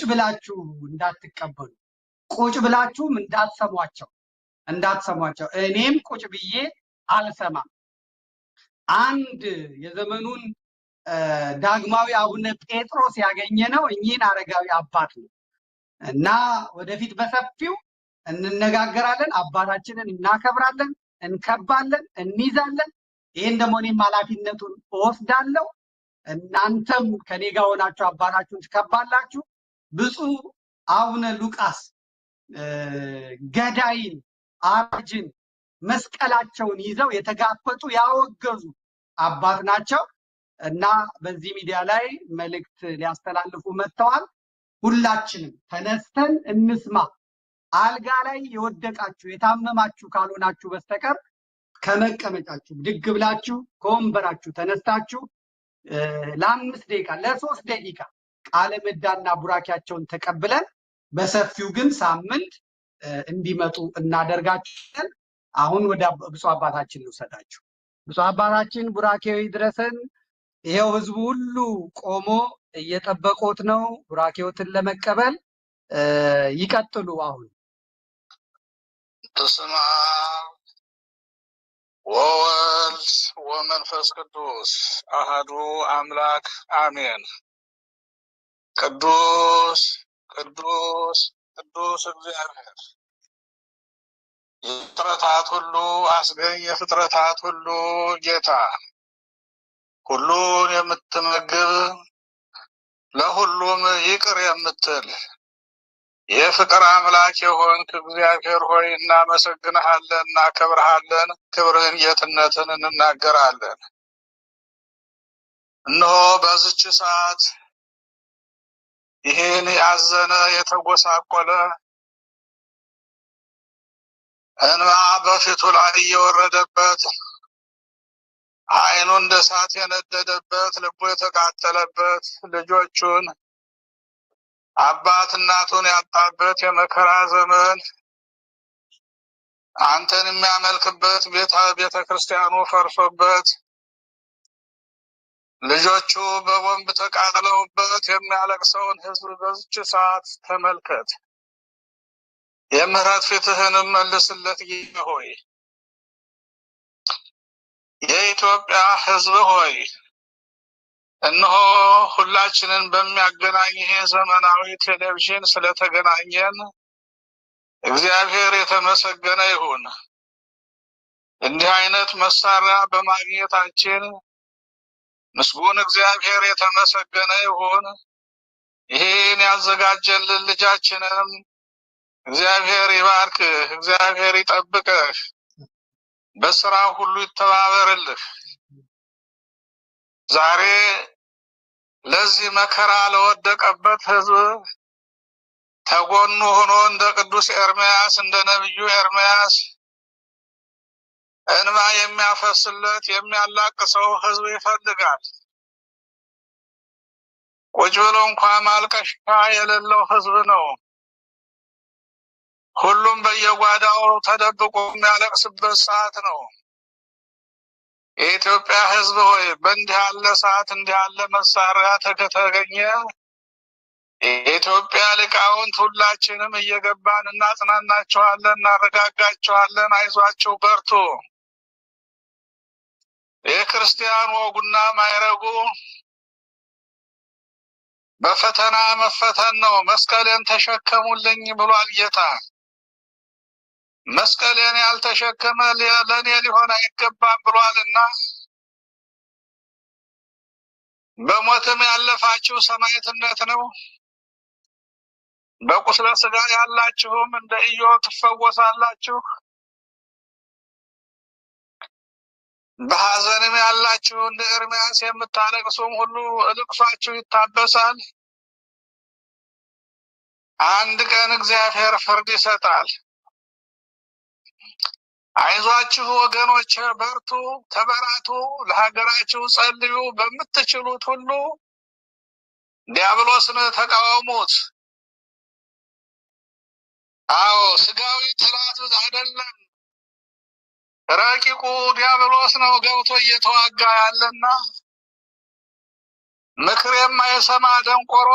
ቁጭ ብላችሁ እንዳትቀበሉ፣ ቁጭ ብላችሁም እንዳትሰሟቸው እንዳትሰሟቸው። እኔም ቁጭ ብዬ አልሰማም። አንድ የዘመኑን ዳግማዊ አቡነ ጴጥሮስ ያገኘ ነው እኚህን አረጋዊ አባት ነው እና ወደፊት በሰፊው እንነጋገራለን። አባታችንን እናከብራለን፣ እንከባለን፣ እንይዛለን። ይህን ደግሞ እኔም ኃላፊነቱን እወስዳለሁ። እናንተም ከኔ ጋር ሆናችሁ አባታችሁን ትከባላችሁ። ብፁዕ አቡነ ሉቃስ ገዳይን፣ አርጅን መስቀላቸውን ይዘው የተጋፈጡ ያወገዙ አባት ናቸው እና በዚህ ሚዲያ ላይ መልእክት ሊያስተላልፉ መጥተዋል። ሁላችንም ተነስተን እንስማ። አልጋ ላይ የወደቃችሁ የታመማችሁ ካልሆናችሁ በስተቀር ከመቀመጫችሁ ድግ ብላችሁ ከወንበራችሁ ተነስታችሁ ለአምስት ደቂቃ ለሶስት ደቂቃ ቃለ ምዕዳና ቡራኪያቸውን ተቀብለን በሰፊው ግን ሳምንት እንዲመጡ እናደርጋችን። አሁን ወደ ብፁ አባታችን እንውሰዳችሁ። ብፁ አባታችን ቡራኬው ይድረሰን። ይኸው ህዝቡ ሁሉ ቆሞ እየጠበቆት ነው ቡራኬዎትን ለመቀበል። ይቀጥሉ። አሁን በስመ አብ ወወልድ ወመንፈስ ቅዱስ አሃዱ አምላክ አሜን። ቅዱስ ቅዱስ ቅዱስ እግዚአብሔር የፍጥረታት ሁሉ አስገኝ የፍጥረታት ሁሉ ጌታ ሁሉን የምትመግብ ለሁሉም ይቅር የምትል የፍቅር አምላክ የሆንክ እግዚአብሔር ሆይ እናመሰግንሃለን፣ እናከብርሃለን። ክብርህን ጌትነትን እንናገራለን። እነሆ በዝች ሰዓት ይህን ያዘነ የተጎሳቆለ እንባ በፊቱ ላይ እየወረደበት አይኑ እንደ እሳት የነደደበት ልቡ የተቃጠለበት ልጆቹን አባት እናቱን ያጣበት የመከራ ዘመን አንተን የሚያመልክበት ቤተ ክርስቲያኑ ፈርሶበት ልጆቹ በቦምብ ተቃጥለውበት የሚያለቅሰውን ህዝብ በዝች ሰዓት ተመልከት። የምህረት ፊትህንም መልስለት ጌታ ሆይ። የኢትዮጵያ ህዝብ ሆይ እነሆ ሁላችንን በሚያገናኝ ይሄ ዘመናዊ ቴሌቪዥን ስለተገናኘን እግዚአብሔር የተመሰገነ ይሁን። እንዲህ አይነት መሳሪያ በማግኘታችን ምስጉን እግዚአብሔር የተመሰገነ ይሁን። ይህን ያዘጋጀልን ልጃችንም እግዚአብሔር ይባርክህ፣ እግዚአብሔር ይጠብቅህ፣ በስራ ሁሉ ይተባበርልህ። ዛሬ ለዚህ መከራ ለወደቀበት ሕዝብ ተጎኑ ሆኖ እንደ ቅዱስ ኤርምያስ እንደ ነቢዩ ኤርምያስ እንባ የሚያፈስለት የሚያላቅሰው ህዝብ ይፈልጋል። ቁጭ ብሎ እንኳን ማልቀሻ የሌለው ህዝብ ነው። ሁሉም በየጓዳው ተደብቆ የሚያለቅስበት ሰዓት ነው። የኢትዮጵያ ህዝብ ሆይ በእንዲህ ያለ ሰዓት እንዲህ ያለ መሳሪያ ከተገኘ የኢትዮጵያ ሊቃውንት ሁላችንም እየገባን እናጽናናችኋለን፣ እናረጋጋችኋለን። አይዟችሁ በርቱ። የክርስቲያን ወጉና ማይረጉ በፈተና መፈተን ነው። መስቀሌን ተሸከሙልኝ ብሏል ጌታ። መስቀሌን ያልተሸከመ ለእኔ ሊሆን አይገባም ብሏልና በሞትም ያለፋችሁ ሰማዕትነት ነው። በቁስለ ስጋ ያላችሁም እንደ ኢዮብ ትፈወሳላችሁ። በሐዘንም ያላችሁ እንደ ኤርምያስ የምታለቅሱም ሁሉ ልቅሷችሁ ይታበሳል። አንድ ቀን እግዚአብሔር ፍርድ ይሰጣል። አይዟችሁ ወገኖች፣ በርቱ፣ ተበራቱ፣ ለሀገራችሁ ጸልዩ። በምትችሉት ሁሉ ዲያብሎስን ተቃወሙት። አዎ ስጋዊ ጥላቱ አይደለም ረቂቁ ዲያብሎስ ነው ገብቶ እየተዋጋ ያለና ምክር የማይሰማ ደንቆሮ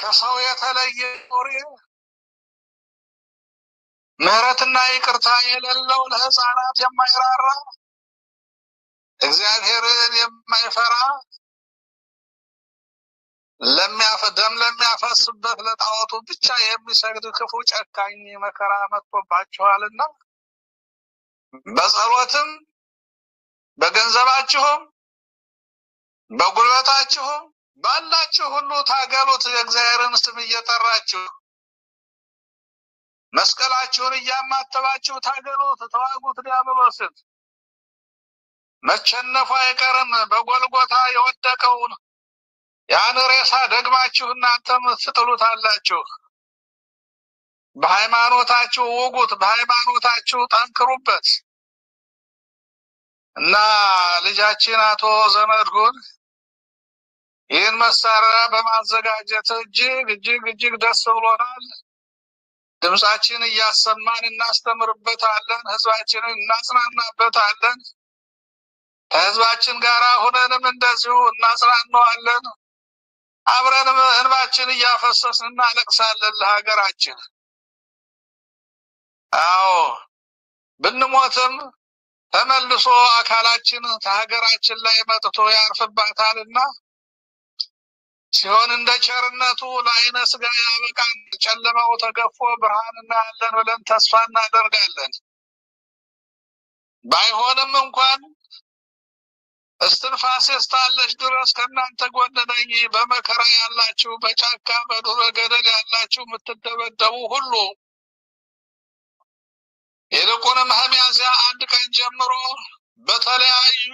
ከሰው የተለየ ጦሪ ምሕረትና ይቅርታ የሌለው ለሕፃናት የማይራራ እግዚአብሔርን የማይፈራ ደም ለሚያፈስበት ለጣዖቱ ብቻ የሚሰግድ ክፉ ጨካኝ መከራ መጥቶባችኋልና በጸሎትም በገንዘባችሁም በጉልበታችሁም ባላችሁ ሁሉ ታገሉት። የእግዚአብሔርን ስም እየጠራችሁ መስቀላችሁን እያማተባችሁ ታገሉት፣ ተዋጉት ዲያብሎስን። መቸነፉ አይቀርም። በጎልጎታ የወደቀውን ያን ሬሳ ደግማችሁ እናንተም ትጥሉታላችሁ። በሃይማኖታችሁ ውጉት፣ በሃይማኖታችሁ ጠንክሩበት እና ልጃችን አቶ ዘመድኩን ይህን መሳሪያ በማዘጋጀት እጅግ እጅግ እጅግ ደስ ብሎናል። ድምጻችን እያሰማን እናስተምርበታለን። ህዝባችንን እናጽናናበታለን። ከህዝባችን ጋር ሁነንም እንደዚሁ እናጽናነዋለን። አብረን እንባችን እያፈሰስን እናለቅሳለን ለሀገራችን። አዎ ብንሞትም ተመልሶ አካላችን ከሀገራችን ላይ መጥቶ ያርፍባታልና ሲሆን እንደ ቸርነቱ ለአይነ ስጋ ያበቃን። ጨለማው ተገፎ ብርሃን እናያለን ብለን ተስፋ እናደርጋለን። ባይሆንም እንኳን እስትንፋሴ እስካለች ድረስ ከእናንተ ጎን ነኝ። በመከራ ያላችሁ፣ በጫካ በዱረ ገደል ያላችሁ የምትደበደቡ ሁሉ ይልቁንም ከሚያዝያ አንድ ቀን ጀምሮ በተለያዩ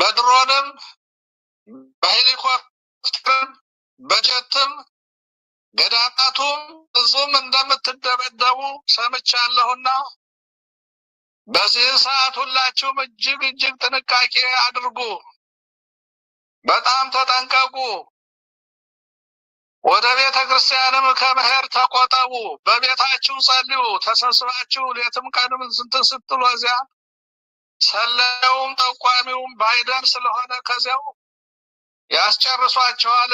በድሮንም በሄሊኮፕተርም በጀትም ገዳናቱም እዙም እንደምትደበደቡ ሰምቻለሁና በዚህ ሰዓት ሁላችሁም እጅግ እጅግ ጥንቃቄ አድርጉ። በጣም ተጠንቀቁ። ወደ ቤተ ክርስቲያንም ከመሄድ ተቆጠቡ። በቤታችሁ ጸልዩ። ተሰብስባችሁ ሌትም ቀንም እንትን ስትሉ እዚያ ሰለውም ጠቋሚውም ባይደን ስለሆነ ከዚያው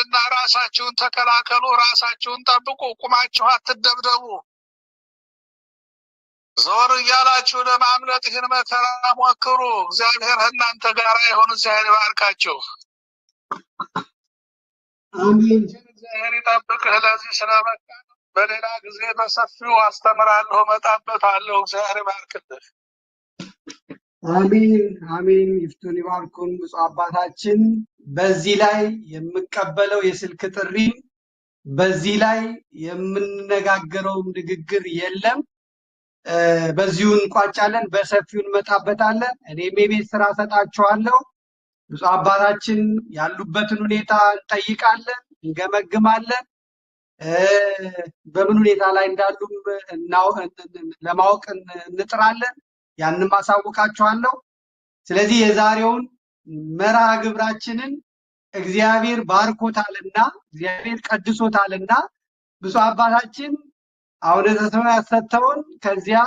እና ራሳችሁን ተከላከሉ። ራሳችሁን ጠብቁ። ቁማችሁ አትደብደቡ። ዞር እያላችሁ ለማምለጥ ይህን መከራ ሞክሩ። እግዚአብሔር እናንተ ጋራ የሆኑ እግዚአብሔር ይባርካችሁ። እግዚአብሔር ይጠብቅህ። ለዚህ ስለመጣ በሌላ ጊዜ በሰፊው አስተምራለሁ፣ እመጣበታለሁ። እግዚአብሔር ይባርክልህ። አሚን አሚን። ይፍቱን ይባርኩን። ብፁዕ አባታችን በዚህ ላይ የምቀበለው የስልክ ጥሪ በዚህ ላይ የምንነጋገረውም ንግግር የለም። በዚሁ እንቋጫለን። በሰፊው እንመጣበታለን። እኔም የቤት ስራ ሰጣችኋለሁ። ብፁዕ አባታችን ያሉበትን ሁኔታ እንጠይቃለን፣ እንገመግማለን። በምን ሁኔታ ላይ እንዳሉም ለማወቅ እንጥራለን። ያንም አሳውቃችኋለሁ። ስለዚህ የዛሬውን መርሃ ግብራችንን እግዚአብሔር ባርኮታልና እግዚአብሔር ቀድሶታልና ብፁዕ አባታችን አውደተ ሰማያት ሰጥተውን ከዚያ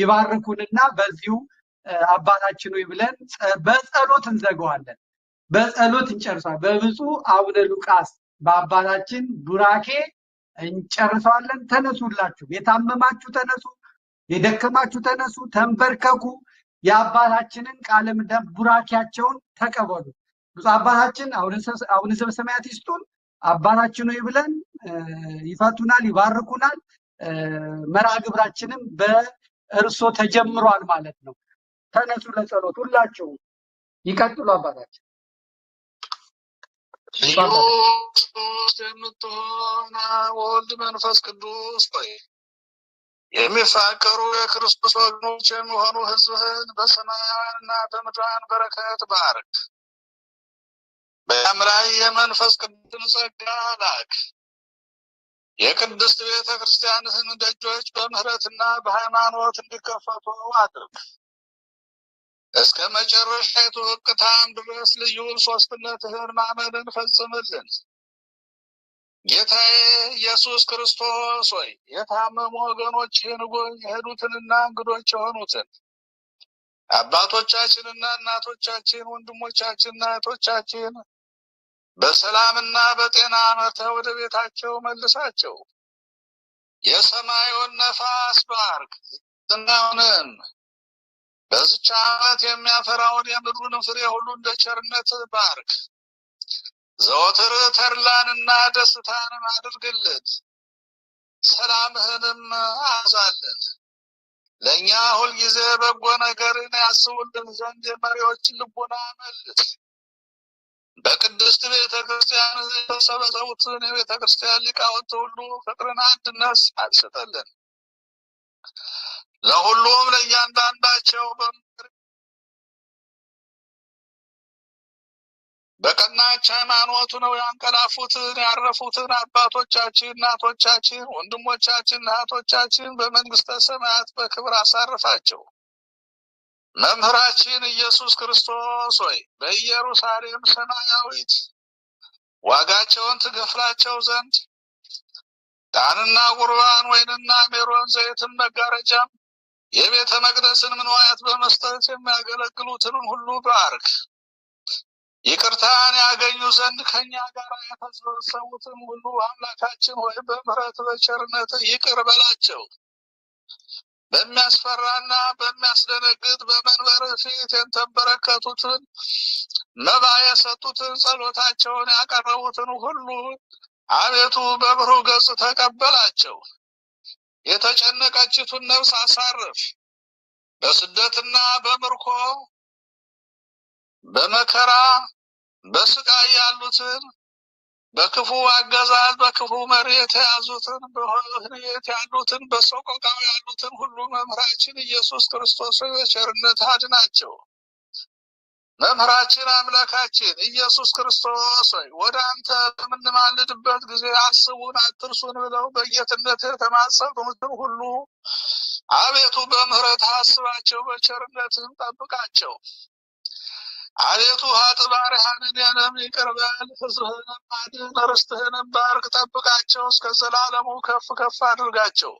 ይባርኩንና በዚሁ አባታችን ሆይ ብለን በጸሎት እንዘገዋለን። በጸሎት እንጨርሷል። በብፁዕ አቡነ ሉቃስ በአባታችን ቡራኬ እንጨርሰዋለን። ተነሱላችሁ፣ የታመማችሁ ተነሱ፣ የደከማችሁ ተነሱ፣ ተንበርከኩ፣ የአባታችንን ቃለ ምዕዳን ቡራኬያቸውን ተቀበሉ። ብፁዕ አባታችን አቡነ ዘበሰማያት ይስጡን። አባታችን ሆይ ብለን ይፈቱናል፣ ይባርኩናል። መርሃ ግብራችንም በእርሶ ተጀምሯል ማለት ነው። ተነሱ ለጸሎት ሁላችሁ ይቀጥሉ አባታችን። ኢየሱስ ወልድ መንፈስ ቅዱስ ሆይ የሚፋቀሩ የክርስቶስ ወገኖች የሚሆኑ ሕዝብህን በሰማያውያንና በምድራን በረከት ባርክ። በያም ላይ የመንፈስ ቅዱስን ጸጋ ላክ። የቅድስት ቤተ ክርስቲያንህን ደጆች በምህረትና በሃይማኖት እንዲከፈቱ አድርግ። እስከ መጨረሻይቱ እቅታም ድረስ ልዩ ሶስትነትህን ማመንን ፈጽምልን። ጌታዬ ኢየሱስ ክርስቶስ ሆይ የታመሙ ወገኖችህን ጎኝ የሄዱትንና እንግዶች የሆኑትን አባቶቻችንና እናቶቻችን፣ ወንድሞቻችንና እህቶቻችን በሰላምና በጤና መርተ ወደ ቤታቸው መልሳቸው። የሰማዩን ነፋስ ባርክ ዝናውንን በዚች ዓመት የሚያፈራውን የምድሩን ፍሬ ሁሉ እንደ ቸርነት ባርክ። ዘወትር ተድላንና ደስታንም አድርግልን፣ ሰላምህንም አዛልን። ለእኛ ሁልጊዜ በጎ ነገርን ያስቡልን ዘንድ የመሪዎችን ልቡና መልስ። በቅድስት ቤተ ክርስቲያን የተሰበሰቡትን የቤተ ክርስቲያን ሊቃውንት ሁሉ ፍቅርን አንድነት አልሰጠልን። ለሁሉም ለእያንዳንዳቸው በቀናች ሃይማኖቱ ነው ያንቀላፉትን ያረፉትን አባቶቻችን፣ እናቶቻችን፣ ወንድሞቻችን፣ እህቶቻችን በመንግስተ ሰማያት በክብር አሳርፋቸው። መምህራችን ኢየሱስ ክርስቶስ ሆይ በኢየሩሳሌም ሰማያዊት ዋጋቸውን ትገፍላቸው ዘንድ ጣንና ቁርባን ወይንና ሜሮን ዘይትን መጋረጃም የቤተ መቅደስን ምንዋያት በመስጠት የሚያገለግሉትንም ሁሉ ባርክ። ይቅርታን ያገኙ ዘንድ ከኛ ጋር የተሰበሰቡትን ሁሉ አምላካችን ሆይ በምሕረት በቸርነት ይቅር በላቸው። በሚያስፈራና በሚያስደነግጥ በመንበር ፊት የተንበረከቱትን መባ የሰጡትን ጸሎታቸውን ያቀረቡትን ሁሉ አቤቱ በብሩህ ገጽ ተቀበላቸው። የተጨነቀችቱን ነፍስ አሳርፍ። በስደትና በምርኮ በመከራ በስቃይ ያሉትን በክፉ አገዛዝ በክፉ መሪ የተያዙትን በሁኔት ያሉትን በሰቆቃው ያሉትን ሁሉ መምህራችን ኢየሱስ ክርስቶስ በቸርነት አድናቸው። መምህራችን አምላካችን ኢየሱስ ክርስቶስ ወይ ወደ አንተ በምንማልድበት ጊዜ አስቡን አትርሱን ብለው በጌትነት የተማጸኑትን ሁሉ አቤቱ በምህረት አስባቸው፣ በቸርነትም ጠብቃቸው። አቤቱ ሀጥባር ያለም ይቅርበል። ህዝብህንም አድን፣ ርስትህንም ባርክ፣ ጠብቃቸው፣ እስከ ዘላለሙ ከፍ ከፍ አድርጋቸው።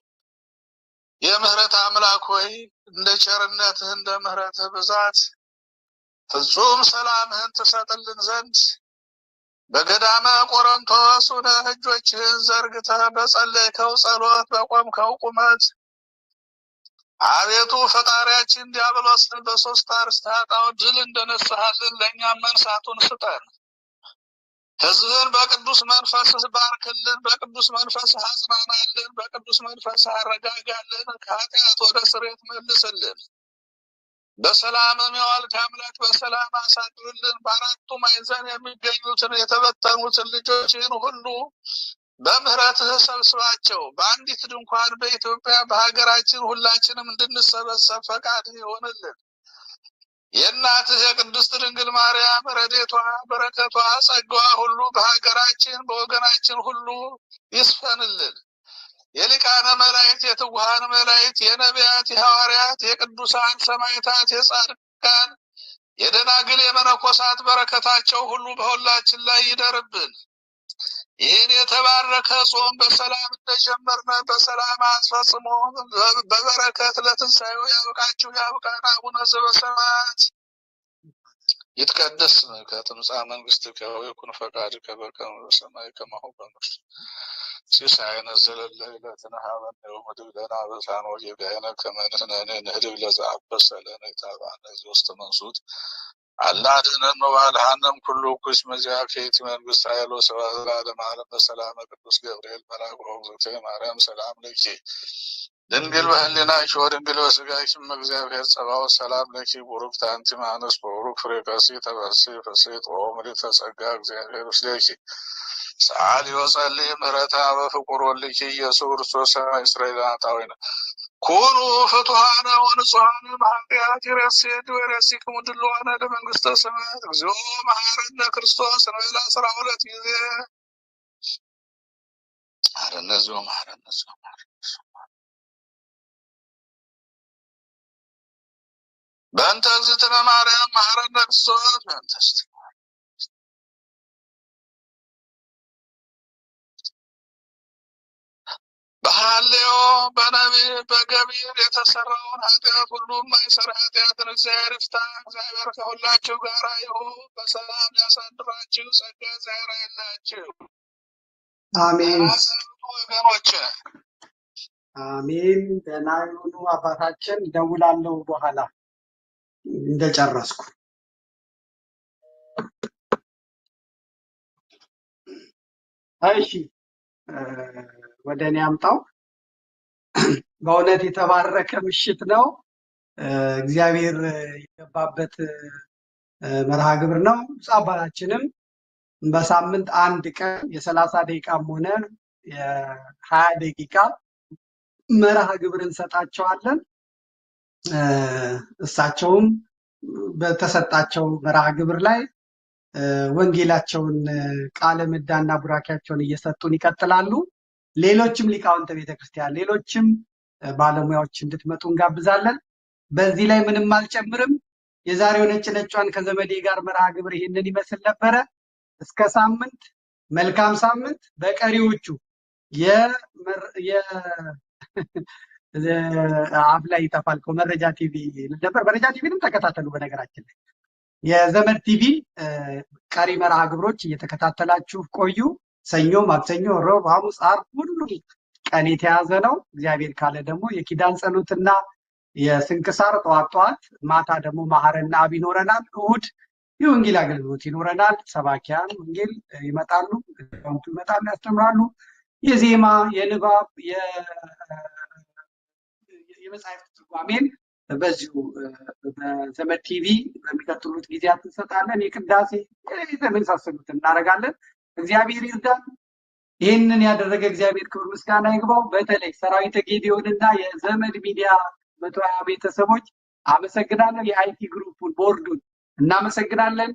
የምህረት አምላክ ሆይ እንደ ቸርነትህ እንደ ምህረትህ ብዛት ፍጹም ሰላምህን ትሰጥልን ዘንድ በገዳመ ቆሮንቶስ ሆነ እጆችህን ዘርግተህ በጸለይከው ጸሎት በቆምከው ቁመት አቤቱ ፈጣሪያችን ዲያብሎስን በሶስት አርዕስተ ኃጣውእ ድል እንደነሳህልን ለእኛ መንሳቱን ስጠን። ሕዝብን በቅዱስ መንፈስ ባርክልን፣ በቅዱስ መንፈስ አጽናናልን፣ በቅዱስ መንፈስ አረጋጋልን፣ ከኃጢአት ወደ ስሬት መልስልን። በሰላምም የዋልክ አምላክ በሰላም አሳድርልን። በአራቱ ማዕዘን የሚገኙትን የተበተኑትን ልጆችን ሁሉ በምህረት ተሰብስባቸው በአንዲት ድንኳን በኢትዮጵያ በሀገራችን ሁላችንም እንድንሰበሰብ ፈቃድ ይሆንልን። የእናትህ የቅድስት ድንግል ማርያም መረዴቷ በረከቷ፣ ጸጋዋ ሁሉ በሀገራችን በወገናችን ሁሉ ይስፈንልን። የሊቃነ መላእክት፣ የትጉሃን መላእክት፣ የነቢያት፣ የሐዋርያት፣ የቅዱሳን ሰማዕታት፣ የጻድቃን፣ የደናግል፣ የመነኮሳት በረከታቸው ሁሉ በሁላችን ላይ ይደርብን። ይህን የተባረከ ጾም በሰላም እንደጀመርነ በሰላም አስፈጽሞ በበረከት ለትንሣኤው ያብቃችሁ ያብቃን። አቡነ ዘበሰማያት ይትቀደስ ስምከ ትምጻእ መንግስትከ ወይኩን ፈቃድከ በከመ በሰማይ ከማሁ በምድር ሲሳየነ ዘለለ ዕለትነ ሀበነ ዮም ህብ ለነ አበሳነ ወጌጋየነ ከመ ንሕነኒ ንህድግ ለዘአበሰ ለነ ኢታብአነ ዘ መንሱት አላድነን ወባልሃነም ኩሉ ኩስ መዚያ ከይቲ መንግስት ሃይሎ ሰብአ ዘላለም ዓለም ቅዱስ ገብርኤል መልአክ ሮግዘቴ ማርያም ሰላም ለኪ ድንግል በህሊናኪ ወድንግል በስጋኪም እግዚአብሔር ፀባው ሰላም ለኪ ቡሩክት አንቲ እምአንስት ቡሩክ ፍሬ ከርሥኪ ተፈሥሒ ፍሥሕት ወምልዕተ ጸጋ እግዚአብሔር ይስደኪ ሰዓሊ ወጸሊ ምሕረታ በፍቁር ወልኪ ኢየሱስ ክርስቶስ ሰማይ እስራኤል ናታዊ ነው ኩኑ ፍቱሃነ ወንጹሃነ በኃጢአት ይረሴድ ወይረሲክሙ ድልዋነ ለመንግስተ ሰማያት እግዚኦ መሐረነ ክርስቶስ እንበል አስራ ሁለት ጊዜ መሐረነ እግዚኦ መሐረነ እግዚኦ መሐረነ እግዚኦ በእንተ እግዝእትነ ማርያም መሐረነ ክርስቶስ በእንተ በሐሌዮ በነቢብ በገቢር የተሰራውን ኃጢአት ሁሉ የማይሰራ ኃጢአትን እግዚአብሔር ይፍታ። እግዚአብሔር ከሁላችሁ ጋር ይሁን፣ በሰላም ያሳድራችሁ። ጸጋ እግዚአብሔር አይለያችሁ። አሜን። ወገኖች አሜን። ደህና ይሁኑ አባታችን። ደውላለሁ በኋላ እንደጨረስኩ። እሺ ወደ እኔ አምጣው። በእውነት የተባረከ ምሽት ነው። እግዚአብሔር የገባበት መርሃ ግብር ነው። ብፁዕ አባታችንም በሳምንት አንድ ቀን የሰላሳ ደቂቃም ሆነ የሀያ ደቂቃ መርሃ ግብር እንሰጣቸዋለን። እሳቸውም በተሰጣቸው መርሃ ግብር ላይ ወንጌላቸውን ቃለ ምዕዳና ቡራኪያቸውን እየሰጡን ይቀጥላሉ። ሌሎችም ሊቃውንተ ቤተክርስቲያን፣ ሌሎችም ባለሙያዎች እንድትመጡ እንጋብዛለን። በዚህ ላይ ምንም አልጨምርም። የዛሬው ነጭ ነጯን ከዘመዴ ጋር መርሃ ግብር ይህንን ይመስል ነበረ። እስከ ሳምንት፣ መልካም ሳምንት። በቀሪዎቹ አፍ ላይ ይጠፋል እኮ መረጃ ቲቪ ነበር። መረጃ ቲቪንም ተከታተሉ። በነገራችን ላይ የዘመድ ቲቪ ቀሪ መርሃ ግብሮች እየተከታተላችሁ ቆዩ። ሰኞ፣ ማክሰኞ፣ ረቡዕ፣ ሐሙስ፣ ዓርብ ሁሉ ቀን የተያዘ ነው። እግዚአብሔር ካለ ደግሞ የኪዳን ጸሎትና የስንክሳር ጠዋት ጠዋት፣ ማታ ደግሞ ማህረና አብ ይኖረናል። እሁድ የወንጌል አገልግሎት ይኖረናል። ሰባኪያን ወንጌል ይመጣሉ፣ ቱ ይመጣሉ፣ ያስተምራሉ። የዜማ የንባብ የመጽሐፍ ትርጓሜን በዚሁ በዘመድ ቲቪ በሚቀጥሉት ጊዜያት እንሰጣለን። የቅዳሴ የተመሳሰሉት እናደርጋለን። እግዚአብሔር ይርዳን። ይህንን ያደረገ እግዚአብሔር ክብር ምስጋና ይግባው። በተለይ ሰራዊተ ጌዲዮንና የዘመድ ሚዲያ መቶ ሀያ ቤተሰቦች አመሰግናለሁ። የአይቲ ግሩፑን ቦርዱን እናመሰግናለን።